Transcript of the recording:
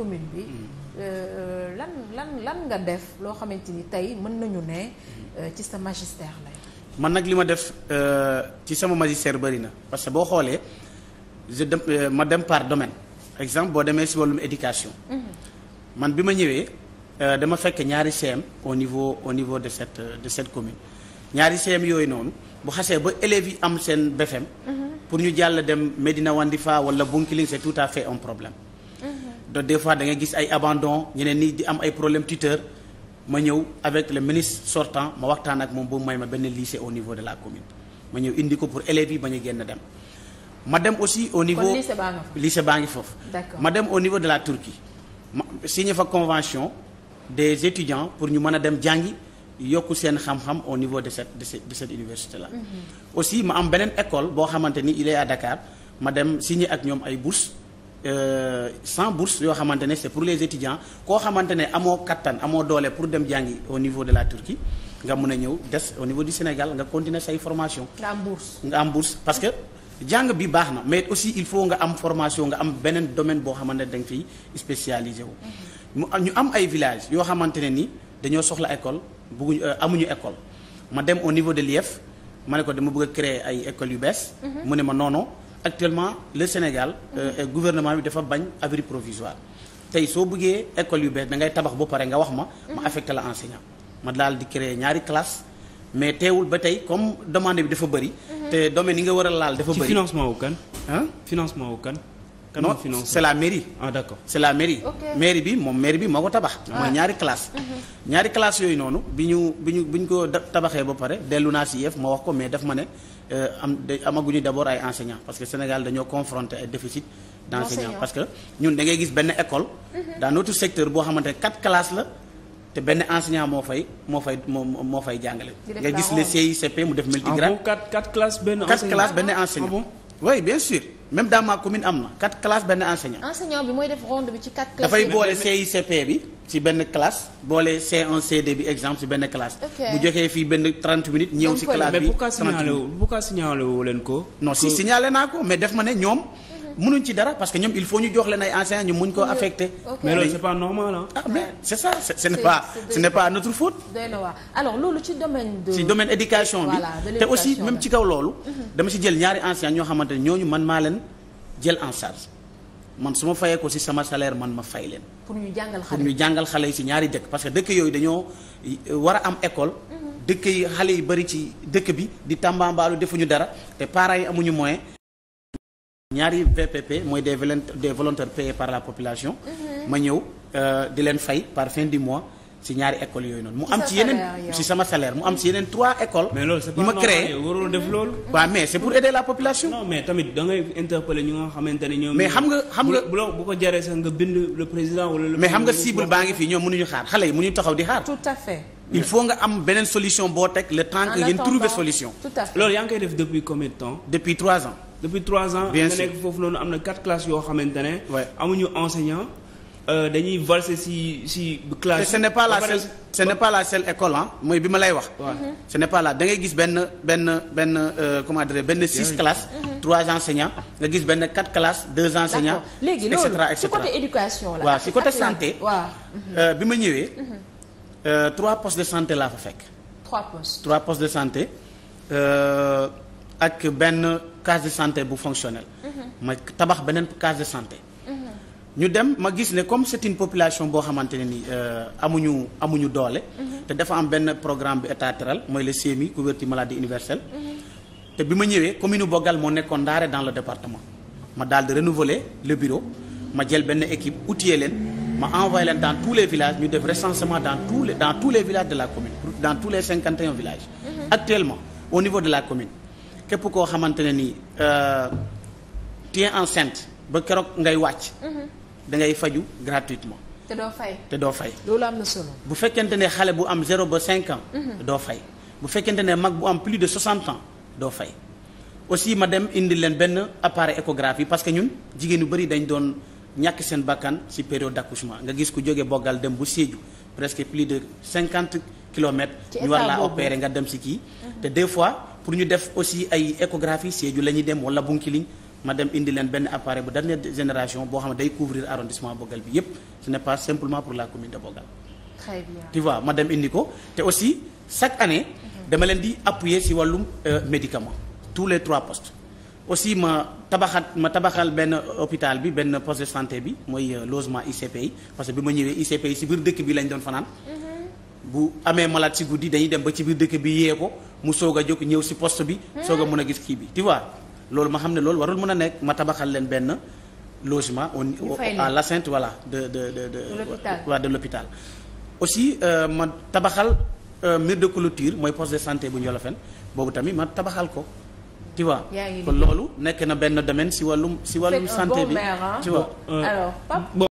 commune bi mm. euh, euh, lan lan lan nga def loo xamante ni tey mën nañu ne euh, ci sa magistère lay man nag li ma def ci sama magistère bëri na parce que boo xoolee je dem ma dem par domaine exemple boo demee si wàllum éducation mm-hmm. man bi ma ñëwee dama fekk ñaari CM au niveau au niveau de cette de cette commune ñaari CM yooyu noonu bu xasee ba élèves yi am seen BFEM mm-hmm. pour ñu jàll dem Medina Wandifa wala Bunkiling c'est tout à fait un problème donc des fois da ngay gis ay abandon ñeneen nii di am ay problème tuteur ma ñëw avec le ministre sortant ma waxtaan ak moom boobu may ma benn lycée au niveau de la commune ma ñëw indi ko pour élèves ba ñu génn dem ma dem aussi au niveau lycée baa ngi foofu ma dem au niveau de la Turquie ma signé fa convention des étudiants pour ñu mën a dem jàngi yokku seen xam-xam au niveau de cette de cette de cette université là. Mhm. aussi ma am beneen école boo xamante ni il est à ma dem signé ak ñoom ay bourse sans euh, bourse yoo xamante ne c'est pour les étudiants koo xamante ne amoo kattan amoo doole pour dem jàngi au niveau de la Turquie nga mun a ñëw des au niveau du Sénégal nga continuer say formation nga am bourse am bourse parce que jàng bi baax na mais aussi il faut nga am formation nga am beneen domaine boo xamante ne da nga fiy spécialisé wu mu ñu am ay village yoo xamante ne ni dañoo soxla école bëgguñu euh, amuñu école ma dem au niveau de l'IEF ma ne ko dama bëgg a créer ay écoles yu bees mhm. mu ne ma non actuellement le Sénégal euh, gouvernement bi dafa bañ abri provisoire tey soo buggee école yu bees da ngay tabax ba pare nga wax ma ma affecté la enseignant ma daal di créer ñaari classe mais teewul ba tey comme demande bi dafa bëri mhm. te domaine yi nga war a laal dafa bëri ci financement wu kan ah financement wu kan non c'est la mairie. ah d'accord c'est la mairie. mairie bi moom mairie bi moo ko tabax. Ah. mooy ñaari classe mhm. ñaari classe yooyu noonu bi ñu bi ñu bi ñu ko tabaxee ba pare dellu naa si yëf ma wax ko mais daf ma ne euh, am amaguñu d'abord ay enseignants parce que Sénégal dañoo confronté ay déficit d'enseignants parce que ñun da ngay gis benn école. Mhm. dans notre secteur boo xamante ne quatre classes la. te benn enseignant moo fay moo fay moo moo fay jàngale. nga gis le CICP mu def multigrade. en tout cas quatre classes benn enseignant quatre classes benn ah même dans ma commune am na quatre classes benn enseignant. enseignant bi mooy def ronde bi ci quatre classes. dafay boole CICP bi ci benn classe boole C1 CD bi exemple ci benn classe. bu joxee fii benn 30 minutes. ñëw ci classe bi mais bu ko signalé wu bu ko signalé wu leen ko. no si signalé naa ko mais def ma ne ñoom. mënuñ ci dara parce que ñoom il faut ñu jox leen ay enseignants ñu muñ ko affecté. mais loolu c'est pas normal hein? ah mais c'est ça c'est, ce n'est pas ce n'est pas notre faute. doy ci domaine de. ci éducation bi te aussi même ci kaw loolu. Mhm. dama ci jël ñaari enseignants ñoo xamante ne ñu man maa leen jël en charge man su ma fayee ko si sama salaire man ma fay leen. pour ñu jàngal xale ñu jàngal xale yi ci ñaari dëkk parce que dëkk yooyu dañoo euh, war a am école. Mhm. dëkk yi xale yi bari ci dëkk bi di tàmbaambaalu defuñu dara te parents yi amuñu moyen ñaari VPP mooy des des volontaires payés par la population. Mhm. ma ñëw euh, di leen fay par fin du mois ci ñaari écoles yooyu noonu. mu am ci yeneen ci sama salaire mu am ci yeneen trois écoles. mais loolu c'est pas mhm. mais c'est pour aider la population. mais tamit da interpeller ñu nga xamante ne ñoom. mais xam nga xam nga bu bu ko jaree sax nga bind le président wala. mais xam nga cible baa ngi fii ñoom mënuñu xaar xale yi mënuñu taxaw di xaar. il faut nga am beneen solution yaa ngi koy def depuis combien de temps. depuis trois depuis trois ans. bien sûr nga nekk foofu noonu am na yoo xamante ne. amuñu enseignant euh, dañuy valser si si classe. te ce n'est pas la seule ce mooy bi ma lay wax. Mhm. ce n'est da ngay gis benn benn benn euh, comment dirais benn six classes. Mhm. trois enseignants nga gis benn quatre classes deux enseignants. léegi loolu ci côté éducation la. Mhm. Euh, bi ma ñëwee. trois postes de santé laa fa fekk. trois postes. trois de santé. ak benn case de santé bu fonctionnel mhm. ma tabax beneen case de santé mhm. ñu dem ma gis ni comme c'est population boo xamante ne ni euh, amuñu amuñu doole mhm. te dafa am benn programme bi état tëral mooy le CMI couverture maladie universelle te bi ma ñëwee commune Bogal moo nekkoon ndaare dans le département ma daal di renouveler le bureau ma jël benn équipe outillé leen ma envoyé leen dans tous les villages ñu def recensement dans tous les villages la commune de la commune képp koo xamante ne nii euh, tu es enceinte ba keroog ngay wàcc. Mhm. da ngay faju gratuitement. te doo fay te doo fay. loolu am na solo. bu fekkente ne xale bu am 0 ba 5 ans. Mhm. doo fay bu fekkente ne mag bu am plus de 60 ans doo fay. aussi ma dem indi leen benn appareil yi parce que ñun jigéen yu bëri dañ doon ñàkk seen bakkan ci période d' accouchement nga gis ku jóge boggal dem bu Sédhiou presque plus de 50. kilomètres. ñu war laa opérer nga dem si kii. te des fois pour ñu def aussi ay échographie Sédhiou la ñuy dem wala Bounkiling ma dem indi leen benn appareil bu dernière génération boo xam ne day couvrir arrondissement Bogal bi yépp ce n'est pas simplement pour la commune de Bogal. très bien vois ma dem indi ko te aussi chaque année. Mhm. dama leen di appuyer si wàllum euh, médicament tous les trois postes. aussi ma tabaxat ma tabaxal benn hôpital bi benn poste de santé bi mooy euh, logement ICP parce que bi ma ñëwee ICP si biir dëkk bi lañ doon fanaan. Mhm. bu amee malade si guddi dañuy dem ba ci biir dëkk bi yee ko mu soog a jóg ñëw si post bi. Hmm. soog a mën a gis kii bi tu vois. loolu ma xam ne loolu warul mën a nekk ma tabaxal leen benn logement. au à l'enceinte voilà de de de de. waa de l'hôpital aussi euh, ma tabaxal euh, mur de clôture mooy poste de santé bu Ndiolofène boobu tamit ma tabaxal ko. tu vois loolu nekk na benn domaine si wàllum si wàllum santé bi tu vois euh,